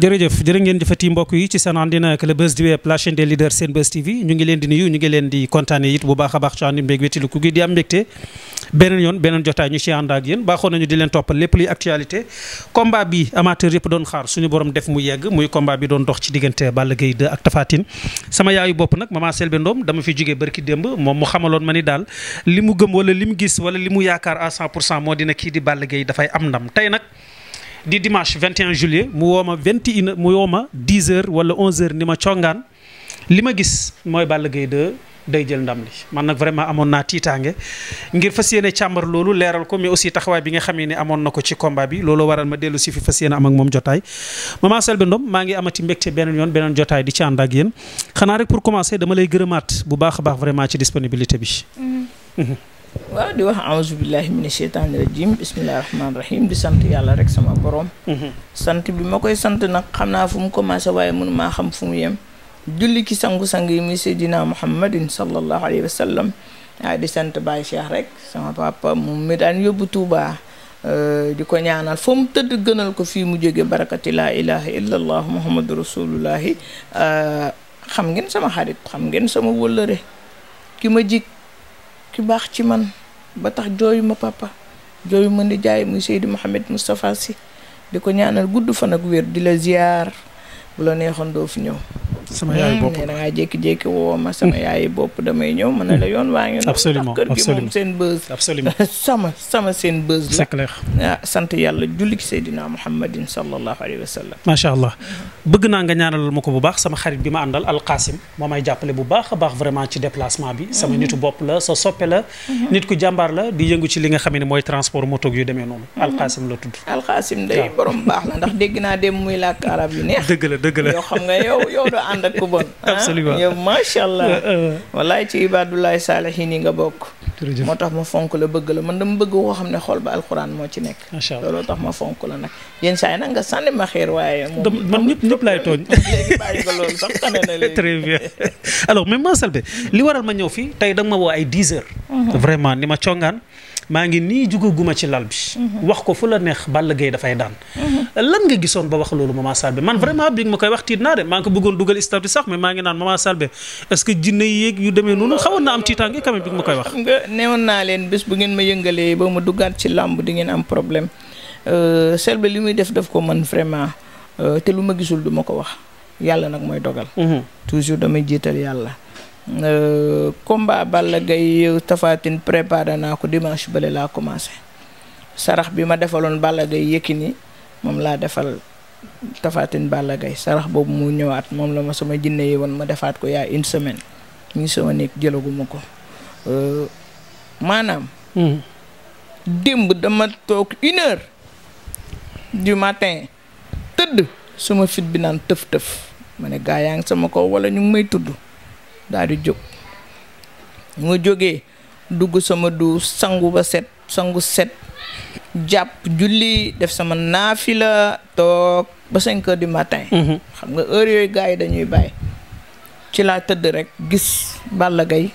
jërëjëf jërë ngeen jëfati mbokk yi ci seen àndina ak le buzz du web la chaîne des leaders TV ñu ngi leen di nuyu ñu ngi leen di kontaane it bu baax a baax ci àndi ku gi di am mbégte beneen yoon beneen jotaay ñu ci ànd ak yéen baaxoon nañu di leen toppal lépp luy actualité combat bi amateur yëpp doon xaar suñu borom def mu yegg muy combat bi doon dox ci diggante Balla Gaye 2 ak Tapha Tine sama yaayu bopp nag Mama Selbé ndoom dama fi jógee bërki démb moom mu xamaloon ma ni daal li mu gëm wala li mu gis wala li mu yaakaar à pour cent moo dina kii di Balla dafay am ndam tey nag di dimanche 21 juillet mu woo ma 21 mu woo ma 10 heures wala 11 heures ni ma congaan li ma gis mooy Balla gay 2 day jël ndam li man nag vraiment amoon naa tiitaange ngir fas yéene càmbar loolu leeral ko mais aussi taxawaay bi nga xamee ne amoon na ko ci combat bi loolu waral ma dellu si fi fas yéene am ak moom jotaay Maman Selbé Ndom maa ngi amati mbégte beneen yoon beneen jotaay di ci ànd ak yéen xanaa rek pour commencer dama lay gërëmaat bu baax a baax vraiment ci disponibilité bi. Mm-hmm. Mm-hmm. waaw di wax aouzu billahi mina sheytaani rajim bismillahi rahmaani rahim di sant yàlla rek sama borom. Mhm. sant bi ma koy sant nag xam naa fu mu commencé waaye mënu maa xam fu mu yem. julli ci sangu-sang yi muy seydina muhammadin sallallahu alayhi wa sallam waaye di sant Baye Cheikh rek sama papa moom mi daan yóbbu Touba. Euh, di ko ñaanal fa mu tëdd gënal ko fii mu jóge barakati laa ilaha illa allah muhammadu rasulullahi euh, xam ngeen sama xarit xam ngeen sama wëllëre ki ma jik ki baax ci man ba tax jooyu ma papa jooyu ma nijaay muy Seydi Mouhamed Moustapha si di ko ñaanal gudd fan ak wér di la ziar. bu la neexoon doo fi ñëw. sama yaay bopp ne da ngaa jékki-jékki woo ma sama hmm. yaay bopp damay ñëw ma ne la yoon waa ngeen. absolument kër gi moom seen bës. absolument sama sama seen bës la. c'est clair ah, sant yàlla julli ci Seydina Muhammadin sallallahu alayhi wa ma ko bu baax sama xarit bi ma àndal alqaasim moo may jàppale bu baax a baax vraiment ci déplacement bi. sama hmm. nitu bopp la sa soppe la. Hmm. nit ku jàmbaar la di yëngu ci li nga xam ne mooy transport moto yu demee noonu. alqaasim la tudd. alqaasim day borom baax la ndax dégg naa dem muy làkk arab yu neex. dëgg la yow xam nga yow yow doo ànd ak ku bon. Ah? absolument yow macha allah. Euh, euh. wallaay ci ibadulaay saalihiin yi nga bokk. moo tax ma fonk la bëgg la man dama bëgg koo xam ne xool ba alxuraan moo ci nekk. macha allah looloo tax ma fonk la nag yenn saa yi nag nga sànni ma xeer waaye. moom man ñëpp ñëpp laay tooñ. léegi bàyyi ko loolu sax xamee na léegi. très bien alors li waral ma ñëw fii tey da ma woo ay 10 heures. Mhm. vraiment ni ma congaan maa ngi nii jugaguma ci lal bi. Mhm. wax ko fu la neex Balla Gaye dafay daan. Mhm. lan nga gisoon ba wax loolu Mama Selbé man vraiment bi nga ma koy wax tiit naa de maa ngi ko bëggoon dugal istaf sax que jinne yeeg yu demee noonu xawoon naa am tiitaange quand même bi nga ma koy wax. xam nga neewoon naa leen bés bu ngeen ma yëngalee ba ma duggaat ci làmb di ngeen am problème euh, Selbé li muy def daf ko man vraiment euh, te lu ma gisul du ma ko wax yàlla nag mooy dogal. Mhm. toujours damay jiital yàlla. Euh, combat Balla gay euh, Tapha Tine préparé naa ko dimanche bale laa commencé sarax bi ma defaloon Balla Gaye Yékini moom laa defal Tapha Tine gay sarax boobu mu ñëwaat moom la ma sama jinne yi woon ma defaat ko yaa une semaine ñu ngi sama nekk jëlaguma ko euh, maanaam hmm. démb dama toog une du matin tëdd suma fit bi naan tëf-tëf ma ne gaa yaa ngi sama kaw wala ñu ngi may tudd daal di jóg mu jógee dugg sama du sangu ba set sangu set jàpp julli def sama naafila toog ba cinq heures du matin mhm. xam nga heure yooyu gars yi dañuy bàyyi ci laa tëdd rekk gis Balla Gaye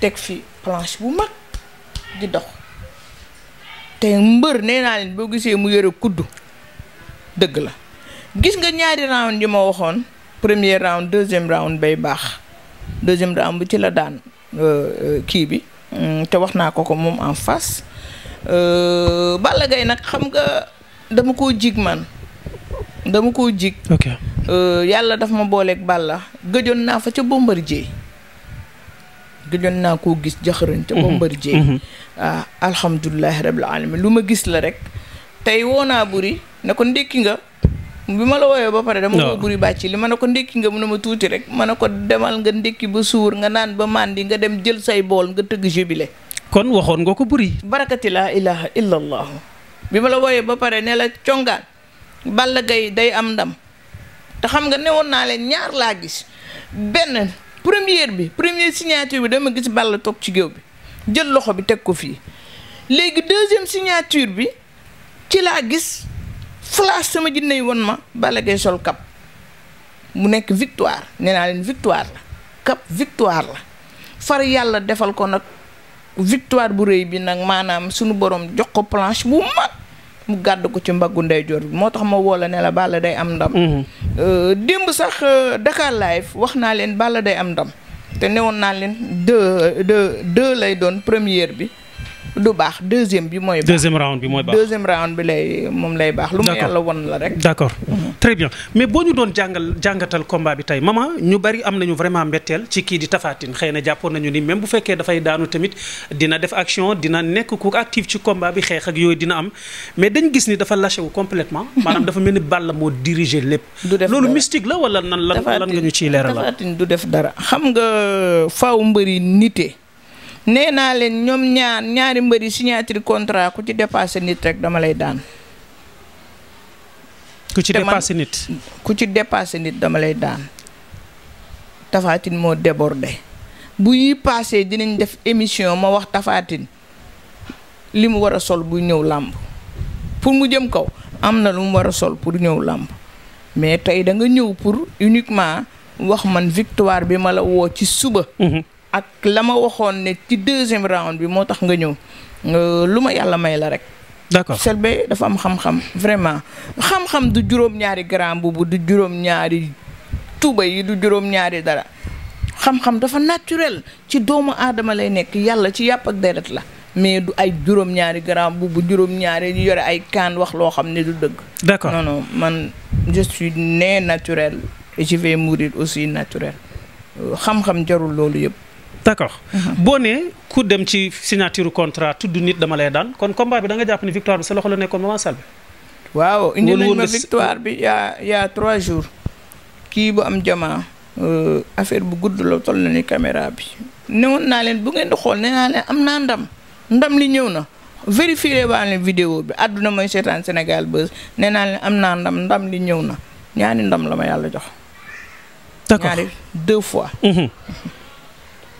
teg fi planche bu mag di dox te mbër nee naa leen boo gisee mu yore kuddu dëgg la gis nga ñaari round yi ma waxoon premier round deuxième round bay baax deuxième round bi ci la daan euh, euh, kii bi mm, te wax naa ko ko moom en face euh, Balla Gaye nag xam nga dama koo jig man dama koo jig yàlla daf ma booleeg Balla gëjoon naa fa ca bombari Bombardier gëjoon naa koo gis jaxarañ ca mhm. Bombardier mhm. ah alhamdulilahi rabbil alamin lu ma gis la rek tey woonaa buri ne ko ndékki nga bi ma la wooyee ba pare dama ko buri bàcci li ma ne ko ndékki nga mu ne ma tuuti rek ma ne ko demal nga ndékki ba suur nga naan ba màndi nga dem jël say bool nga tëgg jubile kon waxoon nga ko buri barakati laa ilaha illa allahu bi ma la wooyee ba pare ne la congaan Balla Gaye day am ndam te xam nga newoon naa leen ñaar laa gis benn première bi première signature bi dama gis Balla toog ci géew bi jël loxo bi teg ko fii léegi deuxième signature bi ci laa gis flash sama jinne yi won ma Balla gee sol cap mu nekk victoire nee naa leen victoire la cap victoire la far yàlla defal ko nag victoire bu rëy bi nag maanaam sunu borom jox ko planche bu mag mu gàdd ko ci mbaggu ndeyjoor bi moo tax ma woo la ne la Balla day am ndam. Mm-hmm. Euh, démb sax euh, Dakar live wax naa leen Balla day am ndam te newoon naa leen deux deux deux lay doon première bi. du baax deuxième bi mooy. baax deuxième round bi mooy baax deuxième round bi lay moom lay baax. lu mu yàlla won la rek. d' accord mhm. très bien mais boo ñu doon jàngal jàngatal combat bi tey maman ñu bari am nañu vraiment mbetteel ci kii di tafaatin xëy na jàppoon nañu ni même bu fekkee dafay daanu tamit dina def action dina nekk ku active ci combat bi xeex ak yooyu dina am mais dañ gis ni dafa lâché wu complètement maanaam dafa mel ni Balla moo diriger lépp. du def loolu mystique la wala nan lan lan nga ñu ciy leeral. tafaatin du def dara xam nga faaw mbëri nite. nee naa leen ñoom ñaar ñaari mbëri signature contrat ku ci dépassé nit rek dama lay daan. ku ci dépassé nit ku ci dépassé nit dama lay daan. Tafaatine moo débordé bu yi paasee dinañ def émission ma wax tafaatin li mu war a sol buy ñëw làmb pour mu jëm kaw am na lu mu war a sol pour ñëw làmb mais tey da nga ñëw pour uniquement wax man victoire bi ma la woo ci suba. Mhm. ak la ma waxoon ne ci deuxième round bi moo tax nga ñëw lu ma yàlla may la rek. d'accord Selbé dafa am xam-xam vraiment xam-xam du juróom-ñaari grand boobu du juróom-ñaari tuba yi du juróom-ñaari dara xam-xam dafa naturel ci doomu aadama lay nekk yàlla ci yàpp ak deret la. mais du ay juróom-ñaari garaam bu bu juróom-ñaari yore ay kaan wax loo xam ne du dëgg. d'accord non non man je suis né naturel et je aussi naturel euh, xam-xam jarul loolu yëpp. d'accord uh-huh. boo nee ku dem ci signature contrat tudd nit dama lay daan kon combat bi da nga jàpp ni victoire bi sa loxo la nekkoon Maman Selbé waaw indi nañ ma victoire bi yaa yaa trois jours kii bu am jamaa euh, affaire bu gudd la toll na ni caméra bi newoon naa leen bu ngeen di xool nee naa leen am naa ndam ndam li ñëw na vérifié waa leen vidéo bi àdduna mooy seetaan Sénégal Buzz nee naa leen am naa ndam li ñëw na ñaari ndam la ma yàlla jox d'accord ñaari fois mm-hmm.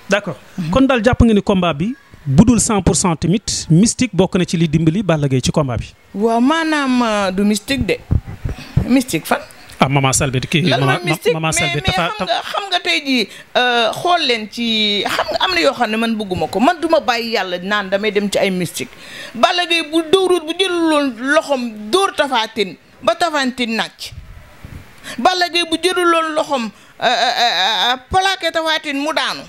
d' accord kon daal jàpp nga ni combat bi bu dul pour cent tamit mystique bokk na ci li dimbali Balla ci komba bi. waaw maanaam euh, du mystique de mystique fan. ah maman Selbé kii maman maman Selbé dafa xam nga xam nga tey jii euh, xool leen ci xam nga am na yoo xam ne man bëgguma ko man duma bàyyi yàlla naan damay dem ci ay mystique Balla Gaye bu dóorut bu jëluloon loxoom dóor tafaatin ba tafaatin nàcc Balla Gaye bu jëluloon loxoom euh, plaqué tafaatin mu daanu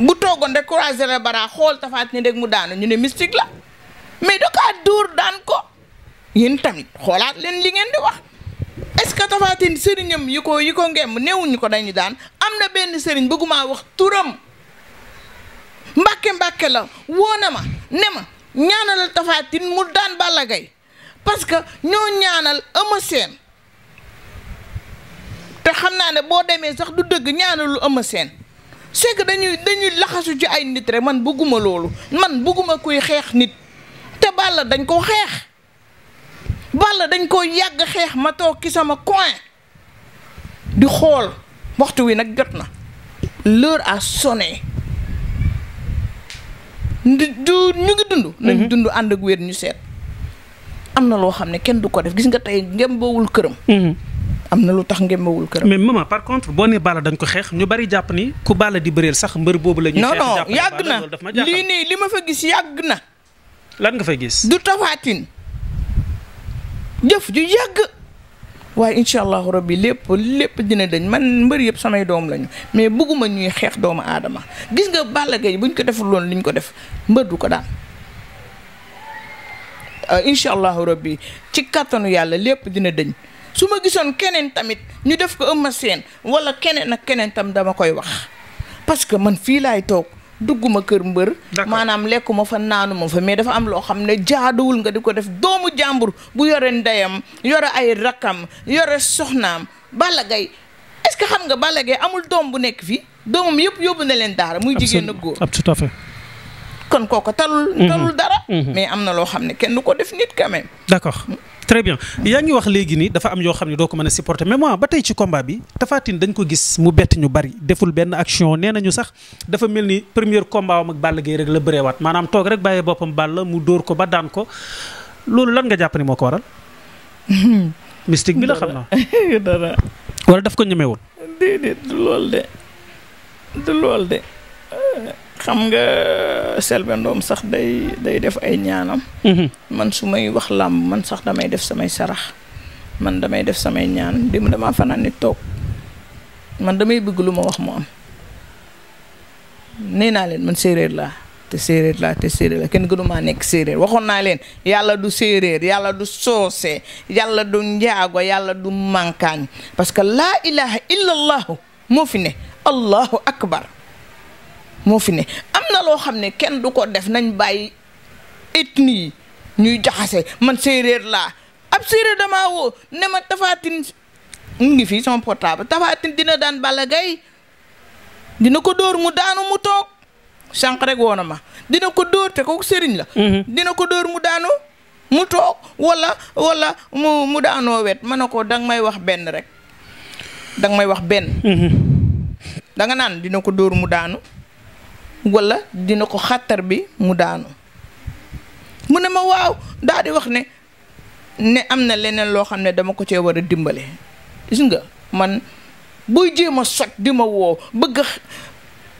bu toogoon rek croiser la bara xool tafaat ni rek mu daanu ñu ne mystique la mais da kaa dóor daan ko yéen tamit xoolaat leen li ngeen di wax est-ce que tafaatin sëriñam yi ko yi ko ngemb néewuñu ko dañu daan am na benn sëriñ bëgguma wax turam mbàkke mbàkke la woona ma ne ma ñaanalal tafaatin mu daan Balla Gaye parce que ñoo ñaanal Eumeu Sène te xam naa ne boo demee sax du dëgg ñaanalu Eumeu Sène c'est que dañuy dañuy laxasu ci ay nit rek man bëgguma loolu man bëgguma kuy xeex nit te bàll dañ koo xeex Balla dañ koo yàgg xeex ma toog ki sama coin di xool waxtu wi nag jot na l'heure a sonné du ñu ngi dund mhm. nañ dund ànd ak wér ñu seet am na loo xam ne kenn du ko def gis nga tey ngembawul këram mhm. am na lu tax ngémbawul këram. mais maman par contre boo ne Balla dañ ko xeex ñu bari jàpp ni ku Balla di bëreel sax mbër boobu la. ñu xeex jàpp yàgg na lii nii li ma fa gis yàgg na. lan nga fa gis. du tafaatin jëf ju yàgg. waaye incha allahu rabbi lépp lépp dina dañ man mbër yëpp samay doom lañu mais bëgguma ñuy xeex doomu aadama gis nga Balla Gaye buñ ko deful loolu liñ ko def mbër du ko daan. Euh, incha allahu rabbi ci kàttanu yàlla lépp dina dañ. su ma gisoon keneen tamit ñu def ko ma Sène wala keneen ak keneen tam dama koy wax parce que man fii laay toog dugguma kër mbër maanaam lekkuma fa naanuma fa mais dafa am loo xam ne jaaduwul nga di ko def doomu jàmbur bu yore ndeyam yore ay rakkam yore soxnaam Balla gay est que xam nga Balla Gaye amul doom bu nekk fii doomam yëpp yóbbu na leen daara muy jigéen ak góor tout à fait kon kooko talul mhm. talul dara mhm. mais am na loo xam ne kenn du ko def nit quand même d'accord très bien yaa ngi wax léegi nii dafa am yoo xam ne doo ko mën a supporter mais moi ba tey ci combat bi Tapha dañ ko gis mu bett ñu bari deful benn action nee nañu sax dafa mel ni premier combat am ak Balla Gaye rek la waat maanaam toog rek bàyyee boppam Balla mu dóor ko ba daan ko loolu lan nga jàpp ni moo ko waral. mystique bi la xam naa. dara wala daf ko ñemee woon. déedéet du lool de du lool de. xam nga Selbé Ndom sax day day def ay ñaanam. Mhm. man su may wax làmb man sax damay def samay sarax man damay def samay ñaan démb damaa fanaan ni toog man damay bëgg lu ma wax mu am nee naa leen man séeréer laa te séeréer laa te séeréer la kenn gënumaa nekk séeréer waxoon naa leen yàlla du séeréer yàlla du soose yàlla du njaago yàlla du mànkaañ parce que laa ilaha illallahu moo fi ne allahu akbar moo fi ne am na loo xam ne kenn du ko def nañ bàyyi ethnie yi ñuy jaxase man séeréer laa ab séeréer damaa woo ne ma tafaatin mu ngi fii sama portable tafaatin dina daan Balla Gaye dina ko dóor mu daanu mu toog sanq rek woona ma dina ko dóor te ko sëriñ la mm-hmm. dina ko dóor mu daanu mu toog wala wala mu mu daanoo wet ma ne ko dang may wax benn rek danga may wax benn mm-hmm. danga naan dina ko dóor mu daanu wala dina ko xàttar bi mu daanu mu ne ma waaw daal di wax ne ne am na leneen loo xam ne dama ko cee war a dimbale is nga man booy jéem a sot di ma woo bëgg a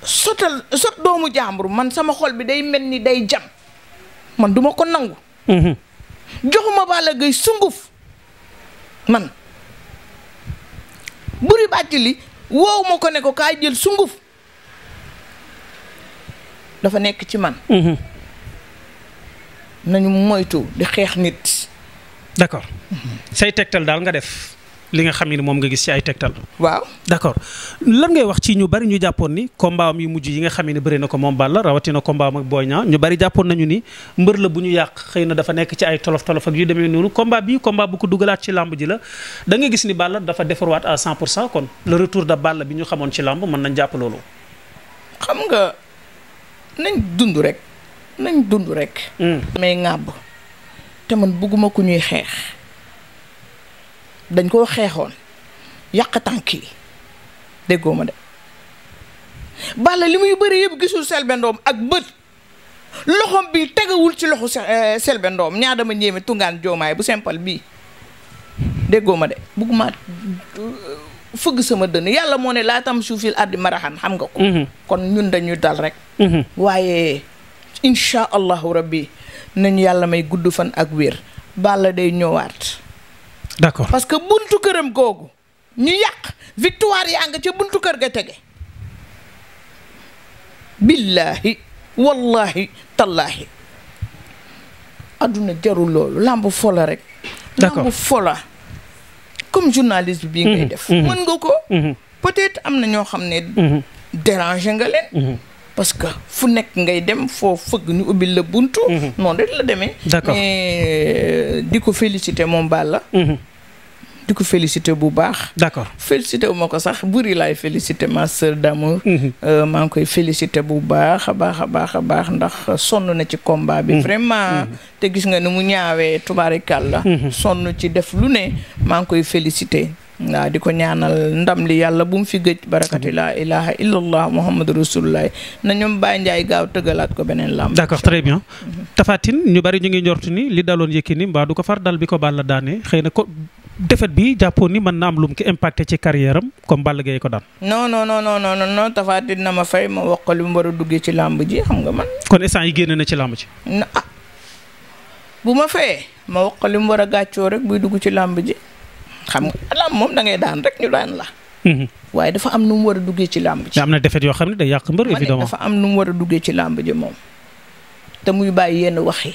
sotal sot doomu jàmbur man sama xol bi day mel ni day jam man duma ko nangu mhm. joxuma Balla Gaye sunguf man buri bàcc li ko ne ko kaay jël sunguf dafa nekk ci man mhm. nañu moytu di xeex nit d'accord say tegtal daal nga def li nga xam ne moom nga gis ci ay tegtal waaw d'accord lan ngay wax ci ñu bari ñu jàppoon ni combat am yu mujj yi nga xam ne bëri na ko moom Balla rawatina combat am ak Boy Niang ñu bari jàppoon nañu ni mbër la bu ñu yàq xëy na dafa nekk ci ay tolof tolof ak yu demee noonu combat bi combat bu ko dugalaat ci làmb ji la da nga gis ni Balla dafa defarwaat à 100 pour cent kon le retour de Balla bi ñu xamoon ci làmb mën nañ jàpp nañ dund rek nañ dund rek. Mm. may ŋàbb te man bëgguma ku ñuy xeex dañ koo xeexoon yàq tànk yi déggoo ma de. Balla li muy bari yëpp gisul Selbé Ndom ak bët loxoom bi tegawul ci loxo eh, Selbé Ndom ñaa dama ñéeme tungaan joomaay bu simple bii déggoo ma de bëgguma fëgg sama dënn yàlla moo ne laatam suufil addi maraxan xam nga ko mhm. kon ñun dañuy dal rek mhm. waaye incha allahu rabbi nañu yàlla may gudd fan ak wér Balla day ñëwaat d'accord parce que buntu këram googu ñu yàq victoire yaa nga ca buntu kër ga tege billaahi wallahi tallaahi adduna jarul loolu làmb fola rek làmb fola comme journalisme bii ngay mhm. def mhm. mën nga ko mhm. peut-être am na ñoo xam ne déranger nga leen parce que fu nekk ngay dem foo fëgg ñu ubbil la buntu noonu rek la demee mais euh, di ko félicité moom Balla di ko félicité bu baax. d'accord félicité wu ma ko sax buri laay félicité ma sœur d'amour. Mhm. Euh, maa ngi koy félicité bu baax a baax a baax a baax ndax sonn na ci combat bi. Mhm. vraiment mhm. te gis nga ni mu ñaawee tubaarikàlla. sonn ci def lu ne maa koy félicité. waaw di ko ñaanal ndam li yàlla bu mu fi gëj barakati laa ilaha illallah muhammadu rasulullah na ñoom Baye Ndiaye gaaw tëggalaat ko beneen lamb d'accord très bien Tapha Tine ñu bari ñu ngi njortu ni li daloon Yékini mbaa du ko far dal bi ko Balla daane défaite bi jàppoon ni man na am lu mu ko impacté ci carrière am comme Balla Gaye ko daan. non non non non non non Tapha Tine na ma fay ma wax ko li mu war a duggee ci làmb ji xam nga man. kon instant yi génn na ci làmb ji. Ah, ma fayee ma wax li mu war a gàccoo rek buy dugg ci làmb ji xam nga làmb moom da ngay daan rek ñu daan la. Mhm. waaye dafa am nu mu war a duggee ci làmb ji. am na défaite yoo xam ne day yàq mbër évidemment dafa am nu mu war a duggee ci làmb ji moom. te muy bàyyi yenn wax yi.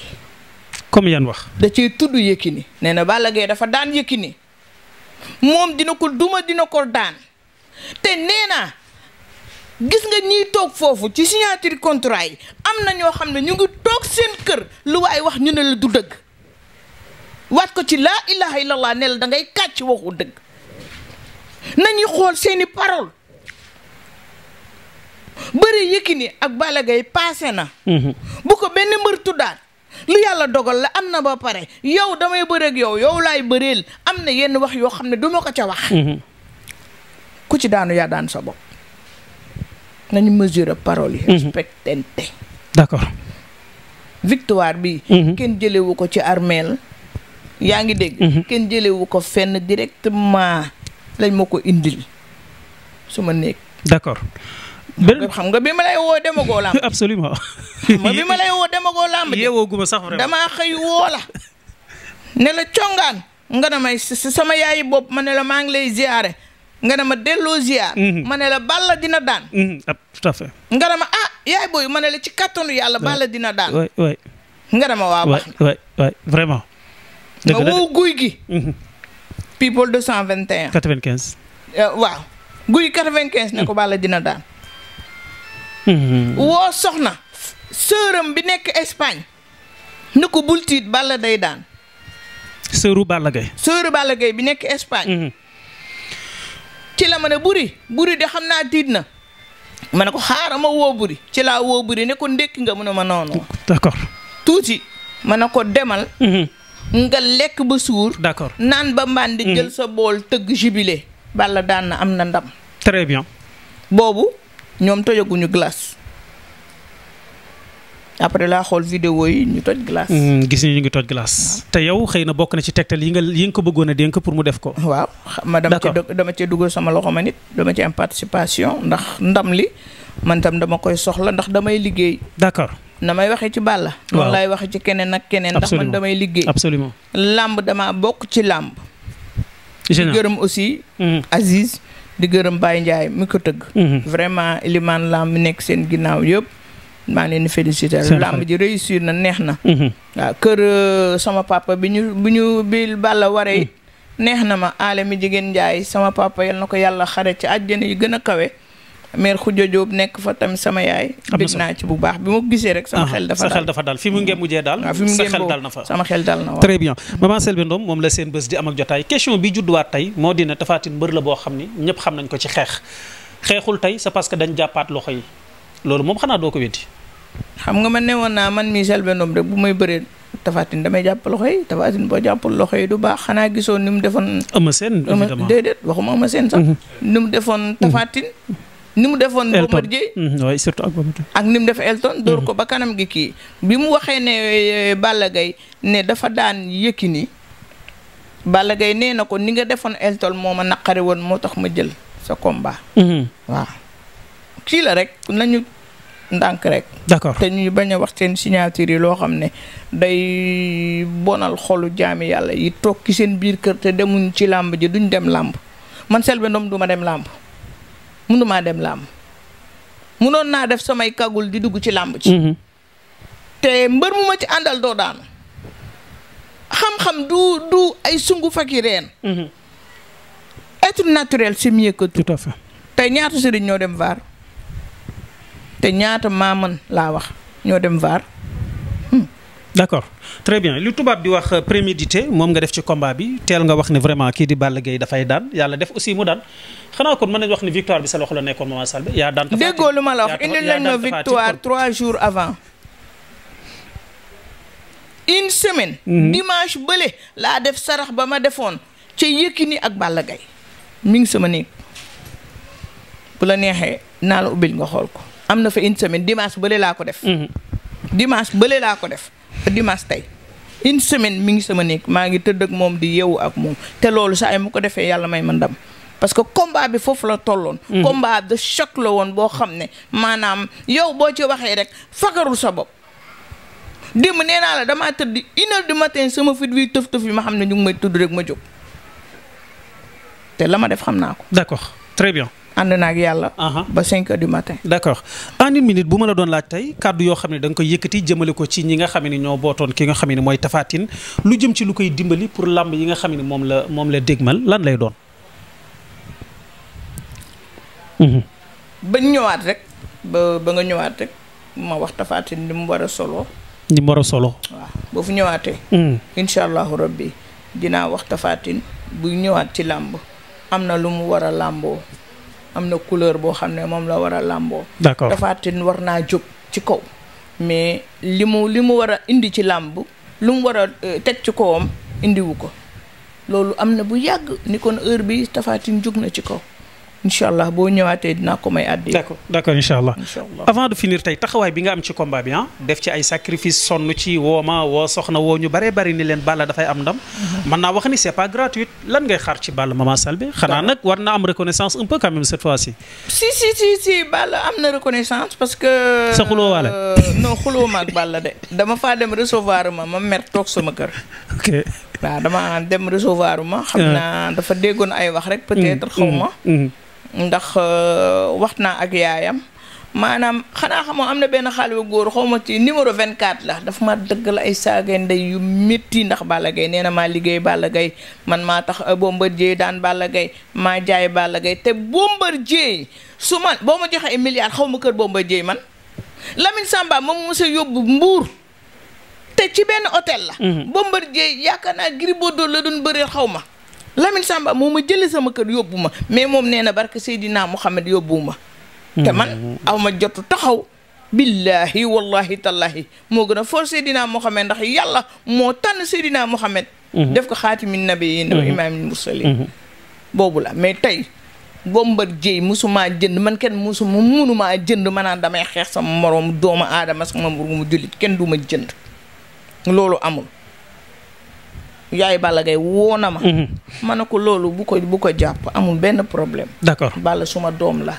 comme yan wax. da cee tudd Yékini nee na Balla dafa daan Yékini moom dina ko duma dina ko daan te nee naa gis nga ñiy toog foofu ci signature contrat yi am na ñoo xam ne ñu ngi toog seen kër lu waay wax ñu ne la du dëgg waat ko ci laa yi illallah ne la dangay ngay kàcc waxu dëgg nañuy xool seeni parole bëri Yékini ak Balla Gaye paase na. Mhm. bu ko benn mbër tuddaat. lu yàlla dogal la am na ba pare yow damay bëreeg yow yow laay bëreel am na yenn wax yoo xam ne du ko ca wax. Mm-hmm. ku ci daanu yaa daan sa bopp. nañu mesure parole yi. respectante. Mm-hmm. d'accord. victoire bi. Mm-hmm. kenn jëlewu ko ci armeel yaa ngi dégg. kenn jëlewu ko fenn directement lañ ma ko indil su ma nekk. d'accord. xam nga bi ma lay woo demagoo la absolument ma bi ma lay woo dama koo làmb yeewoo guma sax vraiment damaa xëy woo la ne la congaan nga ne sama yaayi bopp ma ne la maa ngi lay ziyaare nga ne ma delloo ziyaar mhm. ma ne la dina daan mhm, tout à fait nga ne ma ah yaay booy ma ne la ci kàttanu yàlla Balla dina daan waay nga ne waa baax vraiment ma woo guy gi mhm. people deux cent vingt et un quatre-vingt-quinze euh, ko Balla dina daan woo soxna sëram bi nekk Espagne ko bul Balla day daan. sëru Balla Gaye. bi nekk Espagne. Mhm. ci la ma ne buri buri di xam naa tiit na. ma ne ko xaaral ma woo ci laa woo ne ko ndékki nga mu ne ma noonu. d'accord tuuti ma ne ko demal. Mhm. nga lekk ba suur. d'accord naan ba mbaan mhm. jël sa bool tëgg jubilé. Balla daan na am na ndam. très bien. boobu ñoom tojaguñu glace. après laa xool vidéo yi ñu toj glace. Mm, gis ñu ngi toj glace. te yow xëy na bokk na ci tegtal yi nga yi nga ko bëggoon a dénk pour mu def ko. waaw ma dama ci dama ci dugal sama loxo ma nit dama ci am participation ndax ndam li man tam dama koy soxla ndax damay liggéey. d'accord. may waxee ci Balla. waaw loolu laay waxee ci keneen ak keneen. ndax man damay liggéey. absolument làmb dama bokk ci làmb. di gërëm aussi. Mm-hmm. Aziz di gërëm Baye Ndiaye mi ko tëgg. Mm-hmm. vraiment limaan làmb nekk seen ginnaaw yëpp. maa ngi leen di féliciter làmb ji réussir na neex na mhm. waaw kër euh, sama papa bi ñu bi ñu bi Balla waree mm. neex na ma aale mi jigéen njaay sama papa yal ko yàlla xare ci àjjana yi gën a kawe mère Khoudia Diop nekk fa tamit sama yaay bég naa bi ma ko rek sama ah, xel dafa dal sa xel dafa dal fi mu mm. ngeen daal fi mu ngeen xel na fa sama xel dal na waaw très bien maman Selbé Ndom moom la seen bés di question bi judduwaat tey moo dina Tapha Tine mbër la boo xam ni ñëpp xam nañ ko ci xeex xeexul tey c'est parce que dañ jàppaat loxo yi loolu moom xanaa doo ko weddi. xam nga ma ne woon naa man mii Selbé Ndom rek bu may bëree Tafatine damay jàpp loxo yi Tafatine boo jàppul loxo yi du baax xanaa gisoon ni mu defoon. ama seen évidemment déedéet waxuma ama seen sax. Mhm. ni mu defoon mhm. Tafatine. ni mu defoon Bombardier mhm, waaye surtout ak ak ni mu def Elton dóor ko ba kanam gi kii bi mu waxee ne eh, Balla Gaye ne dafa daan Yékini Balla Gaye nee na ko ni nga defoon Elton moo ma naqare woon moo tax ma jël sa combat waaw kii la rek nañu ndànk rek. d'accord te ñuy bañ a wax seen signature yi loo xam ne day bonal xolu jaami yàlla yi toog ci seen biir kër te demuñ ci làmb ji duñ dem làmb man Selbé Ndom duma dem làmb mënumaa dem làmb munoon naa def samay kagul di dugg ci làmb ci mm-hmm. te mbër mu ma ci àndal doo daanu xam-xam du du ay sungu faki reen mm-hmm. être naturel c'est mieux que tout. tout à fait ñoo dem vaar te ñaata maa mën laa wax ñoo dem vaar. Hmm. d' accord très bien lu tubaab di wax euh, prémédité moom nga def ci combat bi teel nga wax ne vraiment kii di Balla Gaye dafay daan yàlla def aussi mu daan xanaa kon mën nañu wax ne victoire bi sa la nekkoon Maman Selbé yaa daan. déggoo la wax indil leen ma victoire trois jours avant. une semaine. Mhm. dimanche bële laa def sarax ba ma defoon ca Yékini ak Balla Gaye mi ngi sama néeg bu la neexee naa la ubbil nga xool ko. am na fa une semaine dimanche bële laa ko def. Mhm. dimanche bële laa ko def dimanche tey une semaine mi ngi sama nekk maa ngi tëdd ak moom di yeewu ak moom te loolu sax yi mu ko defee yàlla may ma ndam. parce que combat bi foofu la tolloon. Mhm. combat de choc la woon boo xam ne maanaam yow boo ci waxee rek fagarul sa bopp. démb nee naa la damaa tëdd une di du matin sama fit wi tëf tëf yi ma xam ne ñu ngi may tudd rek ma jóg te la ma def xam naa ko. d'accord très bien. ànd na ak yàlla. ba 5 heures du matin. d' accord en une minute bu ma la doon laaj tey kàddu yoo xam ne danga nga koy yëkkati jëmale ko ci ñi nga xam ne ñoo bootoon ki nga xam ne mooy Tapha lu jëm ci lu koy dimbali pour làmb yi nga xam ne moom la moom la dégmal lan lay doon. Mhm. ba ñëwaat rek ba ba nga ñëwaat rek ma wax tafaatin Tine ni mu war a solo. ni solo. waaw boo fu ñëwaatee. Mhm. incha allahu bi dinaa wax tafaatin Tine bu ñëwaat ci làmb am na lu mu war a làmboo. am na couleur boo xam ne moom la war a làmboo d'accord Tapha Tine war naa jóg ci kaw mais li mu li mu war a indi ci làmb lu mu war a euh, teg ci kawam indiwu ko loolu am na bu yàgg ni kon heure bi Tapha Tine jóg na ci kaw incha allah boo ñëwaatee dinaa ko may àddi. d' accord d' accord tey taxawaay bi nga am ci combat bi ah. def ci ay sacrifice sonn ci woo ma woo soxna woo ñu baree bari ni leen Balla dafay am ndam. man mhm. naa wax ni c' est pas gratuit lan ngay xaar ci Balla ma Selbé. xanaa nag war na am reconnaissance un peu quand même cette fois ci. si si si si Balla am na reconnaissance parce que. sa xuloo waale. Euh, non xuloo maak ak Balla de. dama faa dem recevoir ma ma mer toog sama kër. ok waaw dama dem recevoir ma. xam euh. naa dafa déggoon ay wax rek. peut être mm, xaw ma. Mm, mm, ndax euh, wax naa ak yaayam maanaam xanaa xamoo am na benn xale bu góor xaw ma ci numéro 24 la dafa ma dëgg la ay saagay ndey yu métti ndax Balla gay nee na maa liggéey Balla gay man maa tax boo euh, mbër Bombardier daan Balla Gaye maa jaay Balla Gaye te Bombardier su ma boo ma joxe ay milliards xaw ma kër Bombardier man Lamine Samba ma mos a yóbbu Mbuur te ci benn hôtel la. Mhm. Bombardier yaakaar naa Gris Bordeaux la doon bëreel xaw ma. Lamine Samba moo ma jëlee sama kër yóbbu ma mais moom nee na barke Seydina Mouhamed yóbbu ma. te man mm-hmm. aw ma jotu taxaw. billahi wallahi tallahi moo gën a for Seydina Mouhamed ndax yàlla moo tànn Seydina Mouhamed. Mm-hmm. def ko xaatimin nabiyyin mm-hmm. wa imaamil mursalin boobu la mais tey. bombar jéy musumaa jënd man kenn musuma munumaa jënd ma naan damay xeex sama moroom doomu aadama sama moromu jullit kenn du ma jënd loolu amul. yaay Balla Gaye woo na ma. Mhm. a ko loolu bu ko bu ko jàpp amul benn problème. d'accord Balla suma doom la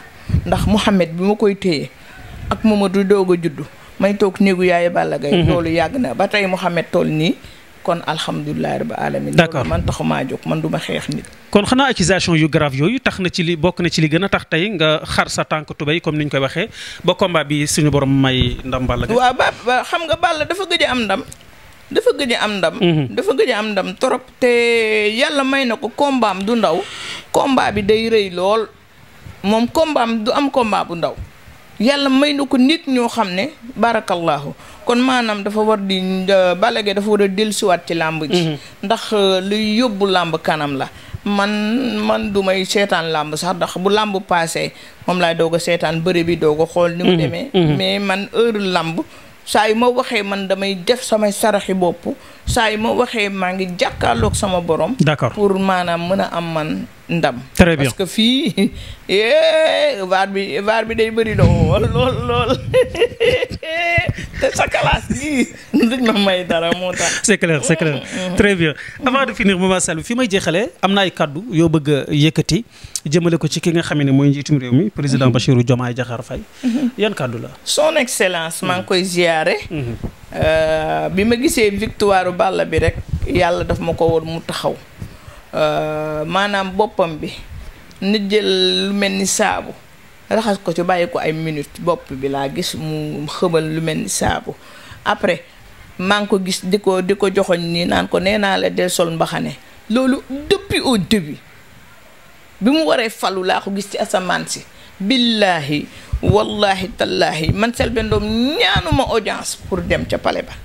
ndax Mouhamed bi ma koy téye ak Mamadou doog a juddu may toog néegu yaay Balla Gaye mhm. loolu yàgg na ba tey Mouhamed tool nii. kon alhamdulilah rabbi alamin d'accord man taxu maa jóg man du ma xeex nit kon xanaa accusation yu grave yooyu tax na ci li bokk na ci li gën a tax tey nga xar sa tànk tubéy comme ni ñu koy waxee ba combat bi suñu borom may ndam Balla dafa gëj am ndam. Mhm. dafa gëj am ndam trop te yàlla may na ko kombaam du ndaw komba bi day rëy lool moom kombaam du am komba bu ndaw yàlla may na ko nit ñoo xam ne barakallahu kon maanaam dafa war di euh, Balla Gaye dafa war a dellusiwaat ci làmb ji. Mhm. ndax euh, luy yóbbu làmb kanam la. man man du may seetaan làmb sax ndax bu làmb paasee moom laay doog ko seetaan bëre bi doo ko xool. ni mu mhm. demee mais man heure làmb. saa yu ma waxee man damay def samay saraxi bopp saa yu ma waxee maa ngi jàkkaarloog sama borom. d'accord pour maanaam mën a am man ndam. très bien parce que fii eh, vaar bi vaar bi day bari lool lool lool te sa classe gi duñ ma may dara moo tax. c'est clair c'est clair mm-hmm. très bien avant de finir maman Sall fi may jeexalee am na ay kaddu yoo bëgg a yëkkati jëmale ko ci ki nga xam ne mooy njiitum réew mi président mm-hmm. Bassirou Diomaye Diakhar Faye. Mm-hmm. yan kàddu la. son excellence maa ngi koy ziyaare. Euh, bi ma gisee victoire Balla bi rek yàlla daf ma ko woon mu taxaw. Euh, maanaam boppam bi nit jël lu mel ni saabu raxas ko ci bàyyi ko ay minute bopp bi laa gis mu xëbal lu mel ni saabu après maa ngi ko gis di ko di ko joxoñ nii naan ko nee naa la del sol mbaxane loolu depuis au début bi mu waree falu laa ko gis ci asamaan si billaahi wallaahi tallaahi man Selbé Ndom ñaanuma audience pour dem ca pale ba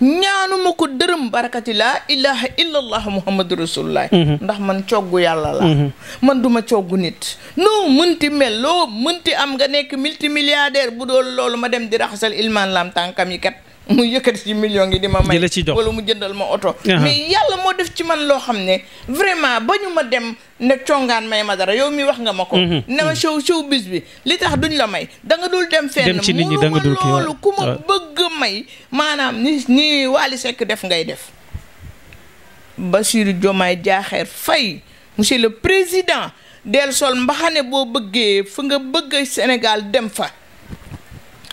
ñaanuma ko dërëm barakati laa ilaha illallah muhammadu rasulullah mhm. ndax man coggu yàlla la mhm. man duma coggu nit noo mënti mel loo mënti am nga nekk multimilliardaire bu doon loolu ma dem di raxasal ilmaan lam tànkam yi kat mu yëkkati ci million ngi di ma may wala mu jëndal ma oto mais yàlla moo def ci man loo xam ne vraiment ba ñu ma dem ne congaan may ma dara yow mi wax nga ma ko mhm. ne ma show show bis bi li tax duñ la may da nga dul dem fenn mu danga loolu ku ma bëgg may maanaam ni ni Wally Seck def ngay def Bassirou Diomaye Diakhar fay monsieur le président del sol mbaxane boo bëggee fu nga bëgg Sénégal dem fa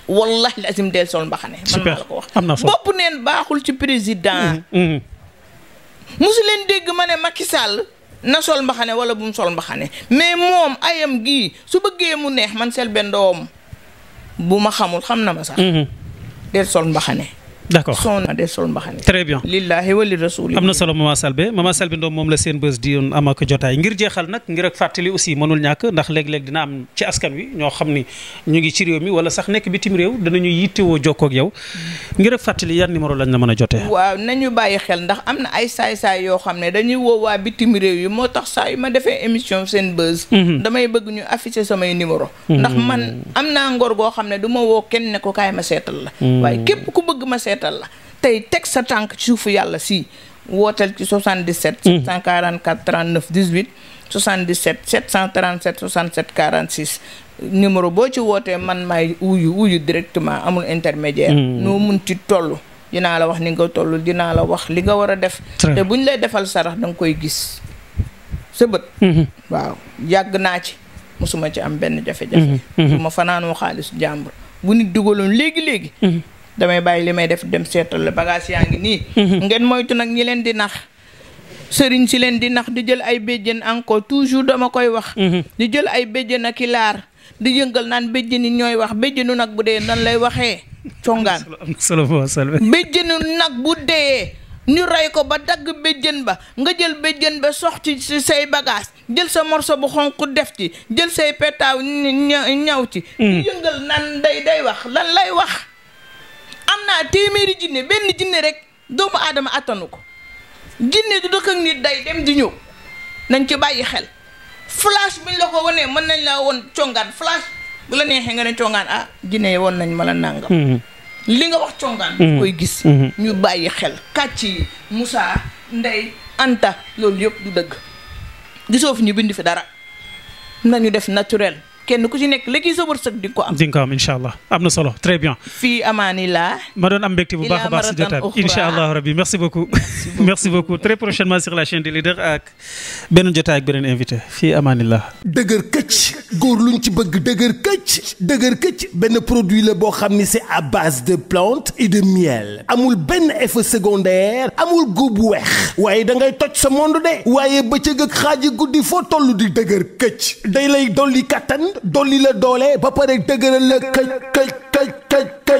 wallahi lazim del sol mbaxane man maa la ko wax bopp neen baaxul ci président mm-hmm. Mm-hmm. musu leen dégg ma ne Macky Sall na sol mbaxane wala bum sol mbaxane mais moom ayam gii su bëggee mu neex man sel benn bu ma xamul xam na ma sax mm-hmm. del sol mbaxane d' accord son de sol mbaxane très bien lillahi wali rasuli am na solo mama Selbé mama Selbé Ndom moom la seen bés di am ak jotaay ngir jeexal nag ngir ak fàttali aussi mënul ñàkk ndax léeg-léeg dina am ci askan wi ñoo xam ni ñu ngi ci réew mi wala sax nekk bitim réew danañu yittewoo jokkoo ak yow ngir ak fàttali yan numéro lañ la mën a jotee waaw nañu bàyyi xel ndax am na ay saay-saay yoo xam ne dañuy woo waa bitim réew yi moo tax saa yu ma defee émission seen bés mhm. damay bëgg ñu afficher samay numéro ndax mhm. man am naa ngor goo xam ne du ma woo kenn ne ko kaay seetal la mhm. waaye seetal la tey teg sa tànk ci suufu yàlla si wooteel ci 77. 744 39 18 77 737 67 46. numéro boo ci wootee man maay wuyu wuyu directement amul intermédiaire. Mm-hmm. noo mun ci toll. dinaa la wax ni nga toll dinaa la wax li nga war a def. te buñ lay defal sarax da nga koy gis sa mm-hmm. waaw yàgg naa ci musuma ci am benn jafe-jafe. Mm-hmm. su ma fanaanoo xaalis jàmbur bu nit dugaloon léegi léegi. damay bàyyi li may def dem seetal la bagage yaa ngi nii. Mhm. ngeen moytu nag ñi leen di nax. sëriñ si leen di nax di jël ay béjjën encore toujours dama koy wax. Mhm. di jël ay béjjën ak i laar di yëngal naan béjjën yi ñooy wax béjjënu nag bu dee nan lay waxee. congaan béjjënu nag bu dee. ñu rey ko ba dagg béjjën ba nga jël béjjën ba sox ci say bagage jël sa morso bu xonq def ci jël say petaaw ñaw ci. Mhm. yëngal naan day day wax lan lay wax. téeméeri jinne benn jinne rek doomu aadama attanu ko jinne du dëkk nit day dem di ñëw nañ ci bàyyi xel flash buñ la ko wanee mën nañ la woon congaan flash bu la neexee nga ne congaan ah jinne yi woon nañ ma la nàngam mm-hmm. li nga wax congaan mm-hmm. koy gis mm-hmm. ñu bàyyi xel kàcc yi Moussa Ndey Anta loolu yëpp du dëgg gisoo fi ñu bind fi dara nañu def naturel kenn ku ci nekk léegi sa wërsëg di nga ko am. di allah am na solo très bien. fii amaanillah. ma doon am mbégte bu baax a baax si jotaay bi incha allah rabbi merci beaucoup. merci beaucoup très prochainement la chaîne des ak beneen jotaay ak invité fii amaanillah. dëgër këcc góor lu ñu ci bëgg dëgër këcc dëgër këcc benn produit la boo xam ni c'est à base de plantes et de miel amul benn effet secondaire amul góob bu weex waaye da ngay toj sa monde de waaye bëccëg ak xaaji guddi foo toll di dëgër këcc day lay dolli kattan. dolli la doole ba pare dëgëral la këj këj këj këj këj